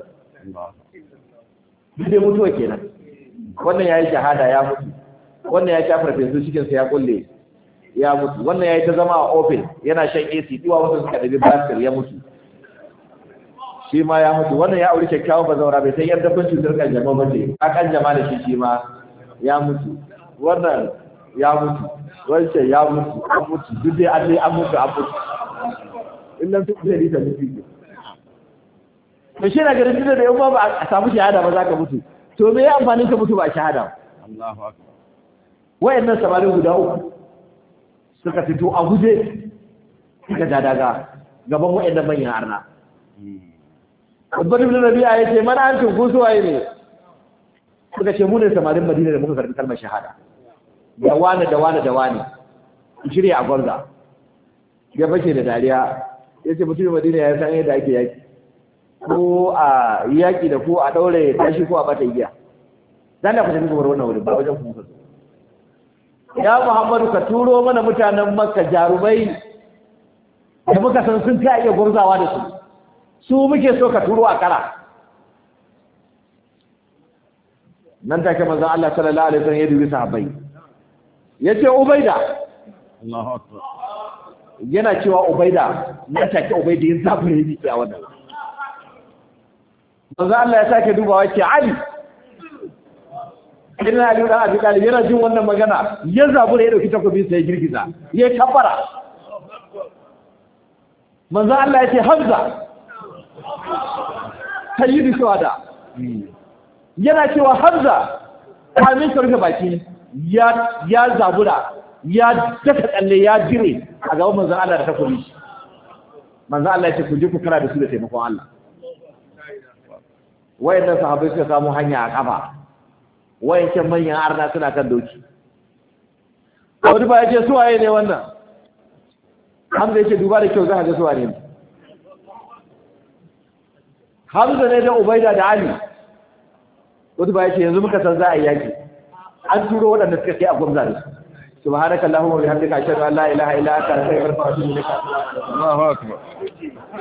gidan mutuwa kenan wannan ya yi shahada ya mutu wannan ya shafar fesu cikin sa ya kulle ya mutu wannan ya yi ta zama a ofin yana shan AC duwa wasu suka ɗabi basir ya mutu shi ma ya mutu wannan ya auri kyakkyawan bazaura bai san yadda kun cutar kan jama'a ba ce a kan jama'a da shi shi ma ya mutu wannan ya mutu wancan ya mutu an mutu duk dai an dai an mutu an mutu In nan su zai ta mutu to shi na garin da yau ba a samu shahada ba za ka mutu to me ya amfani ka mutu ba shahada Allahu akbar nan samarin guda uku suka fito a guje suka dadaga gaban gaban nan manyan arna Abbar ibn Rabi'a ce mana an tuku su waye ne suka ce mu ne samarin Madina da muka karbi kalmar shahada da wani da wani da wani shirya a gwarza ya bace da dariya Ya ce mutum Madina ya san yadda ake yaki ko a yaki da ko a daure tashi ko a bata igiya zan da ku tafi kamar wannan wuri ba wajen ku muka ya muhammadu ka turo mana mutanen makka jarumai da muka san sun ta iya gurzawa da su su muke so ka turo a kara nan take maza Allah sallallahu alaihi wasallam ya dubi sahabbai yace ubaida Allahu akbar yana cewa ubaida nan take ubaida ya zabure ni a wannan Maza Allah ya sake dubawa yace ali irin aliyu dan abi talib yana jin wannan magana ya zabu da ya dauki takobi sai ya girgiza ya kafara manzo Allah ya ce hamza sayyidu da, yana cewa hamza kamin ka rufe baki ya ya zabura ya daka tsalle ya jire a gaban manzo Allah da takobi manzo Allah ya ce ku je ku kara da su da taimakon Allah wayannan sahabbai suka samu hanya a kafa wayancan manyan arna suna kan doki wani ba ya ce suwaye ne wannan hamza ya ce duba da kyau za a ga suwaye ne hamza ne da ubaida da ali wani ba ya ce yanzu muka san za a yaki an turo waɗanda suka ke a gwamza da su subhanaka allahumma bihamdika ashhadu an la ilaha illa anta astaghfiruka wa atubu ilaik Allahu akbar